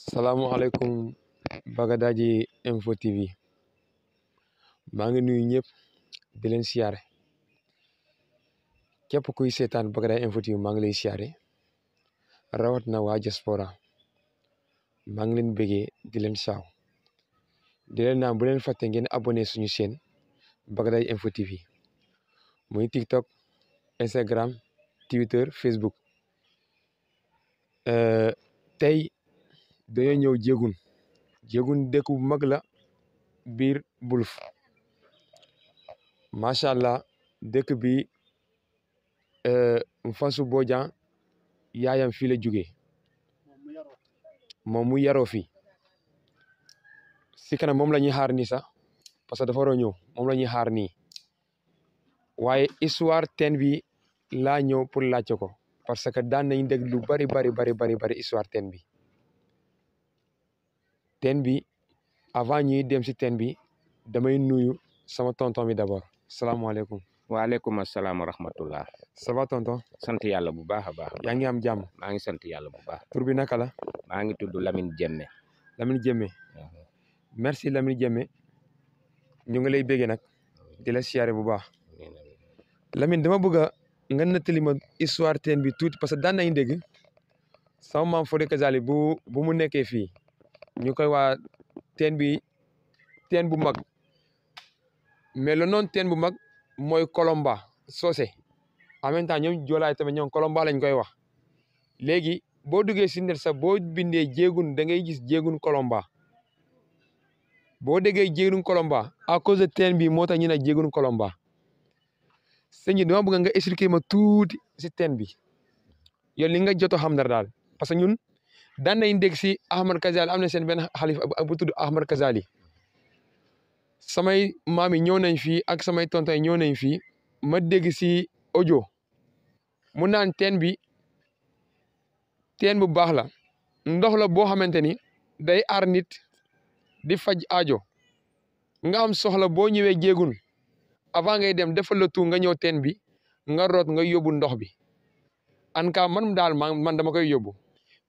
salaamualeykum Bagadaji Info TV maa ngi nuyu ñëpp di leen siyaare képp kuy seetaan Bagadaji Info TV maa ngi lay siyaare rawat na waa diaspora maa ngi leen bëggee di leen saaw di leen naan bu leen fàtte ngeen abonné suñu chaîne Bagadaji Info TV muy TikTok Instagram Twitter Facebook euh, tey dañoo ñëw jéegun jéegun dëkk bu mag la biir Mbuluf macha allah dëkk bi euh, Mfansu boojan yaayam fii la jóge moom mu yaroo fii si kanam moom la ñuy xaar nii sax parce que dafa war a ñëw moom la ñuy xaar nii waaye histoire teen bii laa ñëw pour laajte ko parce que daan nañ dégg lu bari bari bari bari bari histoire teen bi teen bi avant ñuy dem si teen bi damay nuyu sama tonton bi d'abord salaamaaleykum. waaleykum salaam wa rahmatullah. ça va tonton. sant yàlla bu baax a baax. yaa ngi am jàmm. maa ngi sant yàlla bu baax. tur bi naka la. maa ngi tudd Lamine Jemme. Lamine Jemme. Mhm. merci Lamine Jemme ñu ngi lay béggee nag mhm. dila la siyaare bu baax. lamin dama bëgg a nga nettali ma histoire teen bi tuuti parce que daan nañu dégg sama maam Fodé Kazali bu bu mu nekkee fii. ñu koy waa teen bi teen bu mag mais le nom teen bu mag mooy Kolomba Socé en même temps ñoom joolaay tamit ñoom Kolomba lañ koy wax léegi boo duggee si sa boo bindee jéegun da ngay gis jéegun Kolomba boo déggee jéegun Kolomba a cause de teen bi moo tax ñu ne jéegun Kolomba sëñ bi dama bëgg nga expliquer ma tuuti si teen bi yow li nga jot a xam dara daal ñun daan nañ dégg si Ahmad Kazali am na seen benn xalifa bu tudd Ahmad Kazali samay maam yi ñëw nañ fii ak samay tonton yi ñëw nañ fii ma dégg si audio mu naan teen bi teen bu baax la ndox la boo xamante ni day arnit nit di faj aajo nga am soxla boo ñëwee jéegul avant ngay dem defal la tu nga ñëw teen bi nga root nga yóbbu ndox bi en tout cas ma daal man dama koy yóbbu.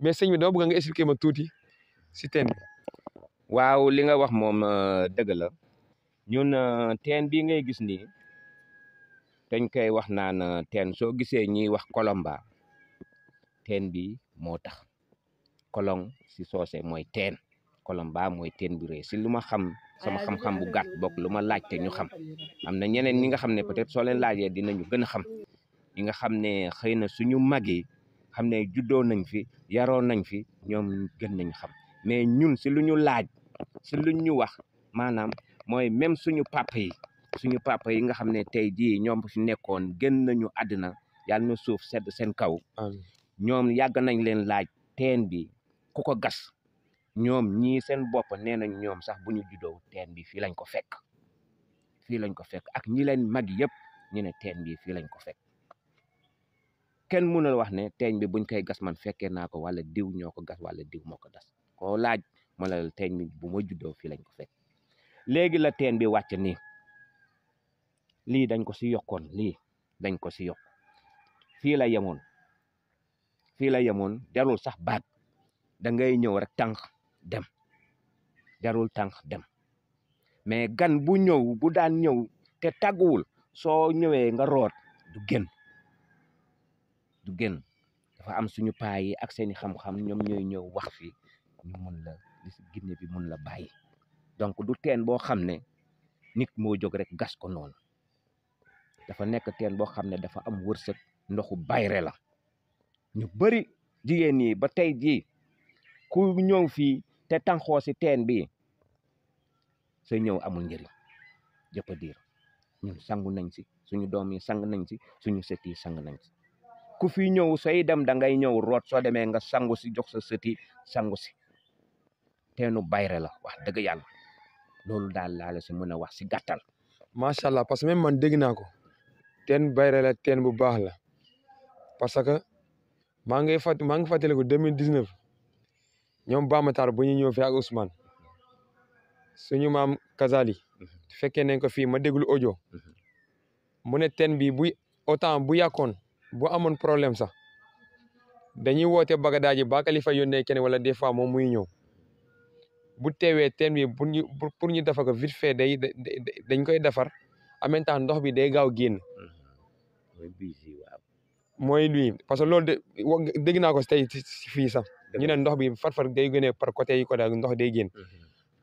mais sëñ bi dama bëgg nga expliquer ma tuuti si teen bi. waaw li nga wax moom euh, dëgg la ñun euh, teen bii ngay gis nii dañ koy wax naan euh, teen soo gisee ñuy wax kolomba teen bi moo tax kolong si soose mooy teen kolomba mooy teen bu rëy si lu ma xam sama xam-xam bu gàtt bokk lu ma laajte ñu xam am na ñeneen ñi nga xam ne peut-être soo leen laajee dinañu gën a xam ñi nga xam ne xëy na suñu mag yi xam ne juddoo nañ fi yaroo nañ fi ñoom gën nañ xam mais ñun si lu ñu laaj si lu ñu wax maanaam mooy même suñu papa suñu papa yi nga xam ne tey jii ñoom fi nekkoon gën nañu àddina yàlla na suuf sedd seen kaw ñoom yàgg nañ leen laaj teen bi ku ko gas ñoom ñii seen bopp nee nañ ñoom sax bu ñu juddoo teen bi fii lañ ko fekk fii lañ ko fekk ak ñi leen mag yëpp ñu ne teen bi fii lañ ko fekk kenn mënul wax ne teeñ bi buñ koy gas man fekkee naa ko wala diw ñoo ko gas wala diw moo ko gas koo laaj ma la teeñ bi bu ma juddoo fii lañ ko fekk léegi la teen bi wàcc nii lii dañ ko si yokkoon lii dañ ko si yokk fii la yemoon fii la yemoon jarul sax baat da ngay ñëw rek tànk dem jarul tànk dem mais gan bu ñëw bu daan ñëw te tàgguwul soo ñëwee nga root du génn du dafa am suñu paa yi ak seeni xam-xam ñoom ñooy ñëw wax fii ñu mun la li si bi mun la bàyyi donc du teen boo xam ne nit moo jóg rek gas ko noonu dafa nekk teen boo xam ne dafa am wërsëg ndoxu bayre la ñu bari jigéen ñi ba tey jii ku ñëw fii te tànqoo si teen bi sa ñëw amul njëriñ jëpp diir ñun sangu nañ si suñu doom yi sang nañ si suñu sët yi sang nañ si ku fi ñëw sooy dem da ngay ñëw root soo demee nga sangu si jox sa sati sangu si teenu bayre la wax dëgg yàlla loolu daal laa la si mën a wax si gàttal. macha allah parce que même man dégg naa ko teen bayre la teen bu baax la parce que maa ngi fàtt maa ngi fàttaliku 2019 ñoom Bamatar bu ñu ñëw fii ak Ousmane suñu maam Kazali mhm. fekkee nañ ko fii ma déglu audio mhm. mu teen bi bu autant bu yàkkoon. bu amoon problème sax dañuy woote Bagadaji ba Kalifa ne kenn wala des fois moom muy ñëw bu teewee teen bi pour ñu pour ñu defar ko vite fait day dañ koy defar en même temps ndox bi day gaaw génn. mooy luy parce que loolu de dégg naa ko tey fii sax ñu ne ndox bi far far day ne par côté yi ko daal ndox day génn.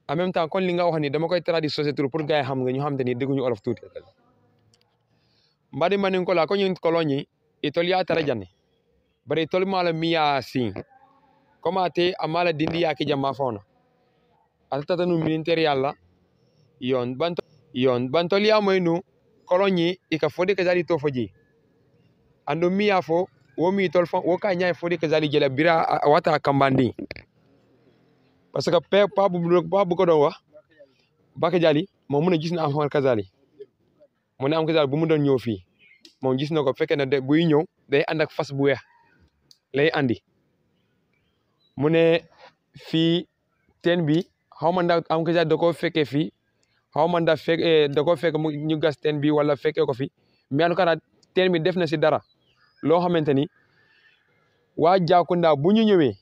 en même temps kon li nga wax ni dama koy traduire société pour gars yi xam nga ñu xam te ni dégguñu olof tuuti. mbadi maninkola ko ñu kolonyi i toliya tarajani bari tol mala miya sin koma te amala dindi yake jamma fona atata nu militaire yalla yon banto yon bantoliya moynu kolonyi ika fodi ka jali to foji ando miya fo wo mi tol fo wo ka nyaay fodi ka jali jela bira wata kambandi parce que pe pa bu don wax baka jali mo muna gis na am kazali mo ne am kazali bu mu don ñëw fii moom gis na ko bu fekkee ne buy ñëw day ànd ak fas bu weex lay andi mu ne fii teen bi xaw ma ndax am da koo fekkee fii xaw ma ndax fekk eh, da koo fekk mu ñu gas teen bi wala fekkee ko fi mais en tout ten bi def na si dara loo xamante ni waa Jaakunda bu ñu ñëwee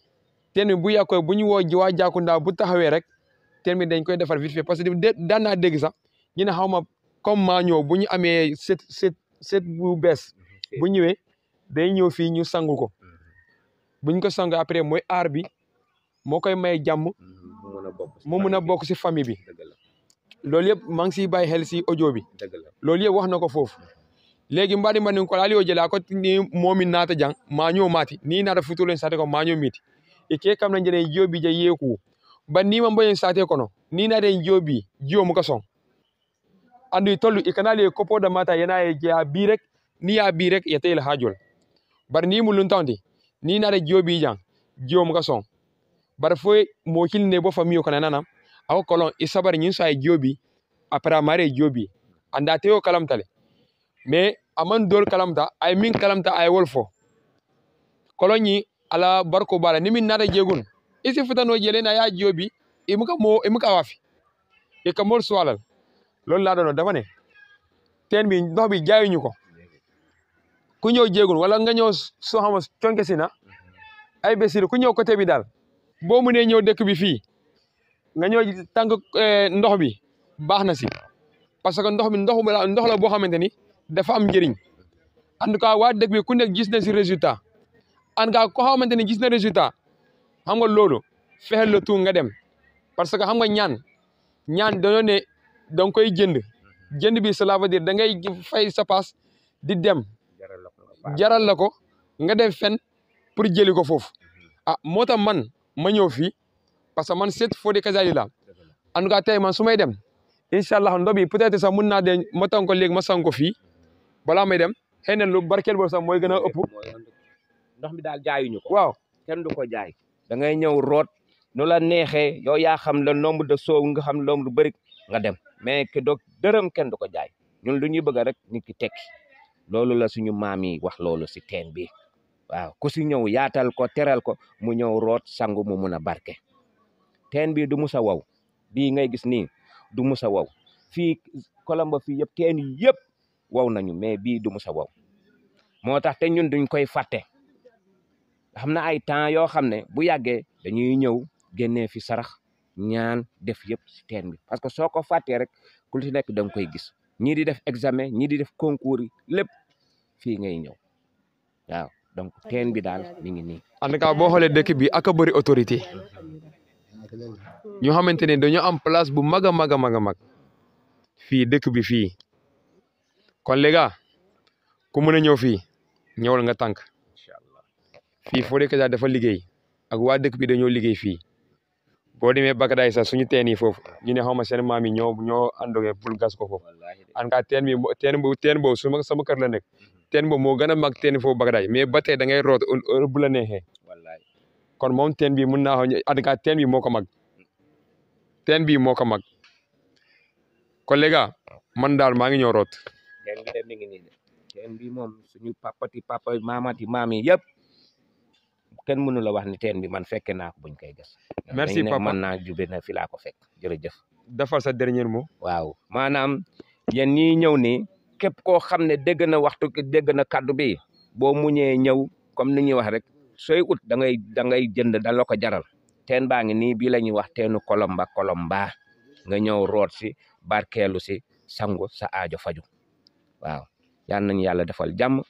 ten bi bu yàqoo bu ñu woo waa Jaakunda bu taxawee rek teen bi dañ koy defar vite fait parce que daan naa dégg sax ñu ne xaw ma comme maa bu ñu amee set set bu bees mhm. bu ñëwee day ñëw fii ñu sangu ko mhm. buñ ko sang après mooy aar bi moo koy may jàmm mhm. mu mun a bokk si famille bi loolu yëpp maa ngi siy bàyyi xel si audio bi loolu yëpp wax na ko foofu léegi mbaɗi mbaɗi ko aliyo jela ko ni momi nata jang maño mati ni nata futulen sate ko maño miti ike kam na jere jobi je yeku ban ni mambo en sate kono ni nata en jobi jio muka song andu itollu ikanali kopoda mata yana ya birek ni ya birek ya tel hajol bar ni mulun tawndi ni nare jobi jang jom ga son bar fo mo ne bo famiyo kana nana aw kolon isabar nyin sa jobi apra mare jobi anda teo kalamtale me aman dol kalamta ay min kalamta ay wolfo kolonyi ala barko bala ni min nare jegun isi futano jelena ya jobi imuka mo imuka wafi ikamor swalal loolu laa doon dafa ne teen bi ndox bi jaayuñu ko ku ñëw jéegul wala nga ñëw soo xam conke si na ay besir ku ñëw côté bi daal boo mënee ñëw dëkk bi fii nga ñëw tànk eh, ndox bi baax na si parce que ndox bi ndox ndox la boo xamante ni dafa am njëriñ en tout cas waa dëkk bi ku nekk gis na si résultat en tout ko xamante ni gis na résultat xam nga loolu fexeel la tu nga dem parce que xam nga ñaan ñaan dañoo da nga koy jënd mhm. jënd bi cela veut dire da ngay fay sa paas di dem jaral la ko nga dem fen pour jëli ko foofu mhm. a ah, moo tam man ma ñëw fii parce que man seet Fodé Kazali la en tout cas tey man su may dem incha allah ndo bi peut être sax mun naa de ma tan ko ma sang ko fii balaa may dem xëy na lu barkeel boobu sax mooy gën a ëpp. ndox mi daal jaayuñu ko. waaw kenn du ko jaay. da ñëw root nu la neexee yow yaa xam le nombre de soow nga xam nombre lu bëri nga dem. mais que doog dërëm kenn du ko jaay ñun lu ñuy bëgg rek nit ki tekki loolu la suñu maam yi wax loolu si teen bi waaw ku si ñëw yaatal ko teral ko mu ñëw root sangu mu mun a barke teen bi du musa waw bii ngay gis nii du musa wow fii Colombo fii yëpp teen yëpp wow nañu mais bii du musa wow moo tax te ñun duñ koy fàtte xam na ay temps yoo xam ne bu yàggee dañuy ñëw génnee fi sarax ñaan def yëpp teen bi parce que soo ko fàttee rek ku ci nekk da nga koy gis ñii di def examen ñii di def concours yi lépp fii ngay ñëw waaw donc teen bi daal mi ngi nii. en tout cas boo xoolee dëkk bi ak a bëri autorité ñu xamante ne dañoo am place bu mag a mag a mag a mag fii dëkk bi fii kon les ku mën a ñëw fii ñëwal nga tànk fii foo dee dafa liggéey ak waa dëkk bi dañoo liggéey fii. boo demee Bakadaay sax suñu teen yi foofu ñu ne xaw ma seen maam yi ñoo ñoo àndogee pour gas ko foofu en tout teen bi teen boobu teen ma sama kër la nekk mm-hmm. teen boobu moo gën a mag teen foofu Bakadaay mais ba tey da ngay root bu la neexee kon moom teen bi mun naa en tout cas teen bi moo ko mag teen bi moo ko mag kon les man daal maa ngi ñoo root teen bi moom suñu papati papa mamati maam yi yëpp kenn mënu la wax ni teen bi man fekke naa ko buñ koy gas. merci papa naa jube na fi laa ko fekk jërëjëf. dafal sa dernier mot. waaw maanaam yen ni ñëw nii képp koo xam ne dégg na waxtu dégg na kaddu bi boo muñee ñëw comme ni ñuy wax rek sooy ut da ngay da jënd da ko jaral ten baa ngi nii bii la ñuy wax teenu kolomba kolomba nga ñëw root si barkeelu si sangu sa aajo faju waaw yal nañu yàlla defal jàmm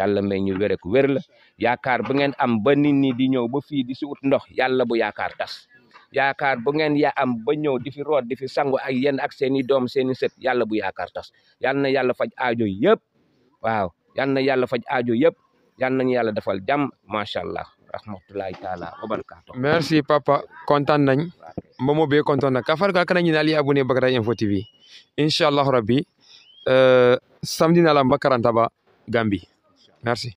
yàlla may ñu wér ak wér la yaakaar bu ngeen am ba nit ñi di ñëw ba fii di si ut ndox yàlla bu yaakaar tas yaakaar bu ngeen ya am ba ñëw di fi root di fi sangu ak yéen ak seen i doom seen i sët yàlla bu yaakaar tas yal na yàlla faj aajo yëpp waaw yal na yàlla faj aajo yëpp yal nañu yàlla defal jàmm macha allah rahmatulahi taala wa barakaatu merci papa kontaan nañ momo be kontaan na kafar ga kana ñinali abonné Bagdad Info TV inshallah rabbi euh, samedi na la mbakaranta ba Gambie Merci.